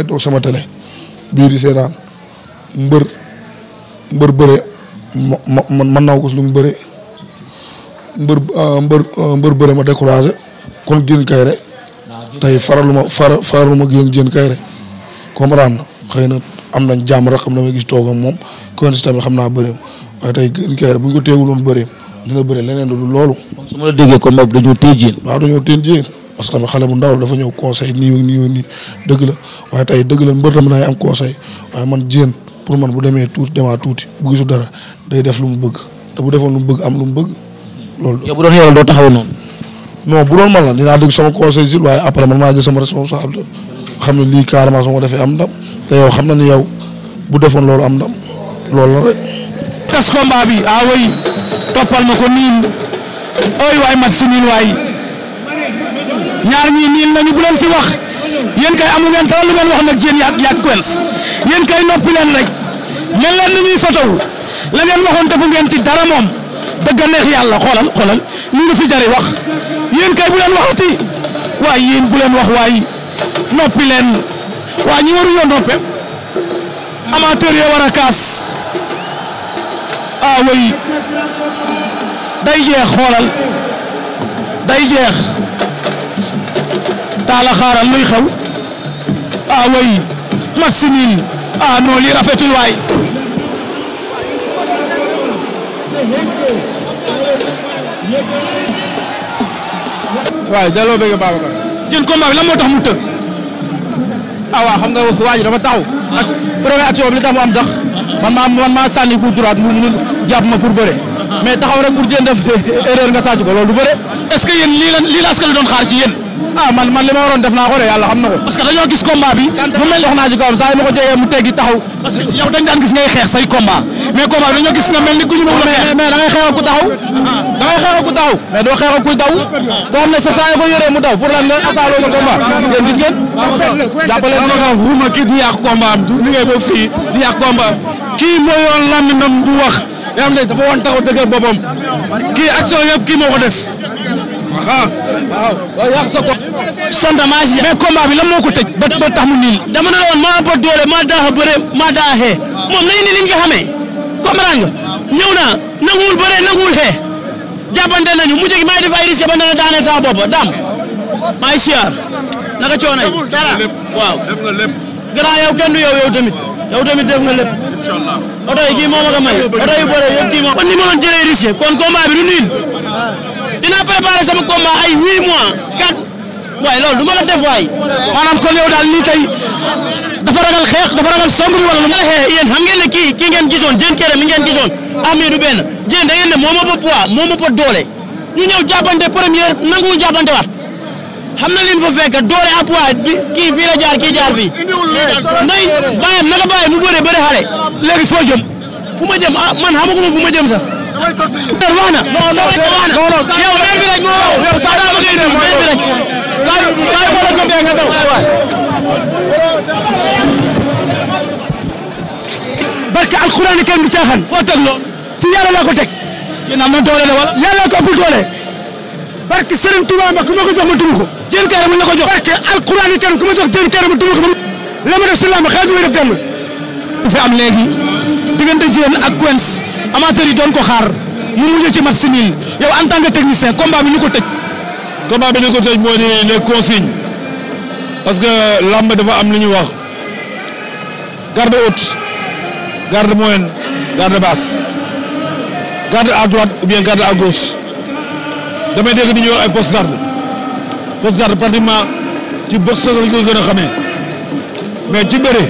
may toog sama télé bii di seetaan mbër mbër bëre ma ma man naw ko si lu mu bëre mbër ah, mbër ah, mbër bëre ma découragé kon Diène Kaïré tey faraluma fara faraluma Diène Kaïré comprendre na xëy na am nañ jàmm rek xam na may gis toogam moom kon si tamit xam naa bëreem waaye tey Diène Kaïré bu ñu ko teewuloon bëreem dina bëre leneen du loolu. kon su déggee kon moom dañoo téye Diène. dañoo téye parce que tamit xale bu ndaw dafa ñëw conseil nii nii nii dëgg la waaye tey dëgg la mbër tamit day am conseil waaye man jéen pour man bu demee tuuti demaa tuuti bu gisu dara day def lu mu bëgg te bu defoon lu mu bëgg am lu mu bëgg loolu. yow doo taxaw noonu. non bu doon man la dinaa dégg sama conseil si waaye après man maa jël sama responsable xam ma defee am ndam te yow xam na ni yow bu defoon loolu am ndam loolu la rek. tas combat bi ah oui toppal ma ko niin ooy ñaar ñii niin nañu bu leen fi wax yéen kay amu ngeen dara lu ngeen wax nag yéen yaag yaag Quench yéen kay noppi leen rek mel leen ni ñuy fotow la ngeen waxoon defu ngeen ci dara moom te neex yàlla xoolal xoolal lu ngi fi jari wax yéen kay bu leen waaye yéen bu leen wax waaye noppi leen waa ñi waruñoo noppe amateur ya war a kaas ah way day jeex xoolal day jeex taala xaaral may xew ah way mat si aa ah non lii rafetul waay waay delloo bëgg moo tax mu të ah waaw xam nga waa ji dafa taxaw ak première action bi am sax man maa man maa sànni ku droit mu mu jàpp ma pour bëre mais taxaw rek pour jéem lii la lii la askan doon yéen ah man man li ma waroon def naa ko de yàlla xam na ko. parce que dañoo gis combat bi. mu mel dox naa ci kawam saa yi ma ko jegee mu teggi taxaw. parce que yow dañ daan gis ngay xeex say combat mais combat bi dañoo gis nga mel ni ku ñu. mais mais da ngay xeex ak ku taxaw. da ngay xeex ak ku taxaw. mais doo xeex ak kuy daw. koo xam ne sa saa yi ko yëree mu daw pour lan ngeen asaaloo sa combat. ngeen gis ngeen. jàppale ne ko ruuma kii di yàq combat am du liggéey ba fii di yàq combat kii mooy yoon làmmiñam du wax yoo xam ne dafa wan taxaw dëgër boppam kii action yëpp kii moo ko def waaw waaw yàq sa bopp. sant maa si mais combat bi lan moo ko tëj. ba ba tax mu niil. dama ne la woon maa ba doole maa daax a bëre maa daax a xee moom nañu ni liñ ko xamee comprendre nga ñëw naa nanguwul bëre nanguwul xee jàppante nañu mu jegi maay def ay risque ba na daaneel sama bopp daam maay siyaar naka coono yi dara waaw def nga lépp grand yow kenn du yow yow tamit yow tamit def nga lépp inshallah oto yi kii moom ak a may oto yi bëre yëpp kii moom kon ni ma doon jëlee risque kon combat bi du niil dinaa préparer sama combat ay huit mois quatre waaye loolu du ma la def waay maanaam kol yow daal nii tey dafa ragal xeex dafa ragal song bi ma la xeex yéen xam ngeen ne kii kii ngeen gisoon jën kere mi ngeen gisoon amee du benn jën da ngeen ne moo ma ba poids moo ma ba doole ñu ñëw jàppante première nanguwu jàppante waat xam na leen fa fekk doole à poids bi kii fii la jaar kii jaar fii nay bàyyam naka bàyyi mu bëree bëri xale léegi foo jëm fu ma jëm ah man xamaguma fu sax waana non a yow mel bi rek moo yow saa daa bëgg indi mel bi rek saa yu saa yu wala gëmbee nga daw waay barke alxuraan kenn du caaxaan foo teg loo si yàlla laa ko teg yéen na doole la wala yàlla ko ëpp ku ma ko jox ma dum ko jën kaare ma la ko jox barke alxuraan kenn ku ma jox jën kaare ma dum la ma def si làmb xeetu ma def benn fi am léegi diggante jën ak Quench amateur yi doon ko xaar mu mujj ci match simil yow en tant que technicien combat bi ñu ko tëj. combat bi ko moo di les consignes parce que lamb dafa am lu ñuy wax garde haute garde moyenne garde basse garde à droite ou bien garde à gauche damay dégg di ñuy ay poste garde poste ci boxe la ñu ko gën a xamee mais ci bëre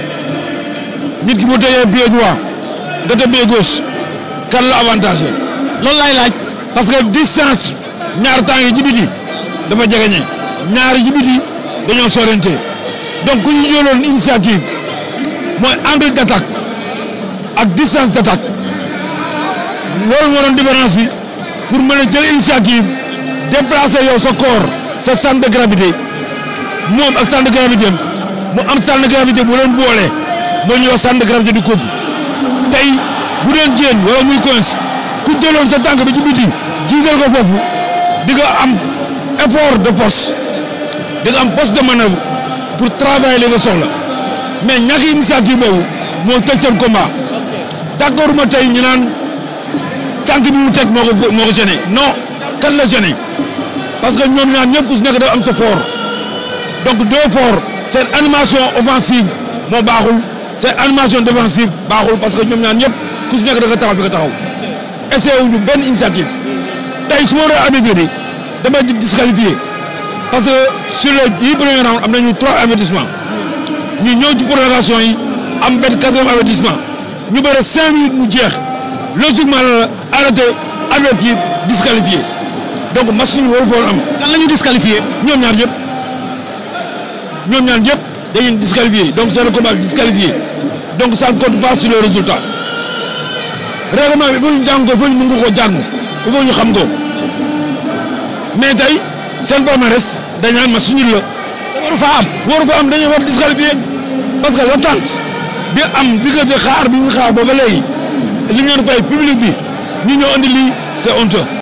nit ki bu tëjee pied droit nga teg pied gauche. kan la avantage loolu laay laaj parce que distance ñaar temps yi ci biti dafa jegeñe ñaar yi ci biti dañoo sorente donc ku ñu jëloon initiative mooy angle d'attaque ak distance d'attaque loolu moo doon différence bi pour mën a jël initiative déplacer yow sa corps sa centre de gravité moom ak centre de gravité am mu am centre de gravité bu leen boole moo ñuy wax centre de gravité du coup tey. bu doon jéen wala mu coince ku jëloon sa tànk bi ci biti jiital ko foofu di nga am effort de force di am poste de manœuvre pour travailler li nga soxla mais ñàkk initiative boobu moo tëj seen combat d'accorduma tey ñi naan tànk bi mu teg moo ko moo ko gêné kan la gêné parce que ñoom ñaar ñëpp ku si nekk dafa am sa fort donc deux forts seen animation offensive moo baaxul seen animation défensive baaxul parce que ñoom ñaan ñëpp. ku si nekk da nga taxaw fi nga taxaw essayé benn initiative tey su ma doon avertir dama disqualifié parce que sur les dix premiers rounds am nañu trois avertissements ñu ñëw ci prolongation yi am benn quatrième avertissement ñu bëre cinq minutes mu jeex logiquement la arrêté avertir disqualifié donc machine bi waru fa woon am. kan la ñu disqualifié ñoom ñaar ñëpp ñoom ñaar ñëpp dañuy disqualifié donc c'est le combat donc ça ne compte pas sur le résultat. règlement bi bu ñu jàng ko fa ñu mën ko jàng bu ñu xam ko mais tey seen palmarès dañ naan ma suñu la fa am waru fa am dañuy war disqualifier parce que l'attente bi am diggante xaar bi ñu xaar ba ba léegi li ngeen bi ñu ñoo andi lii c'est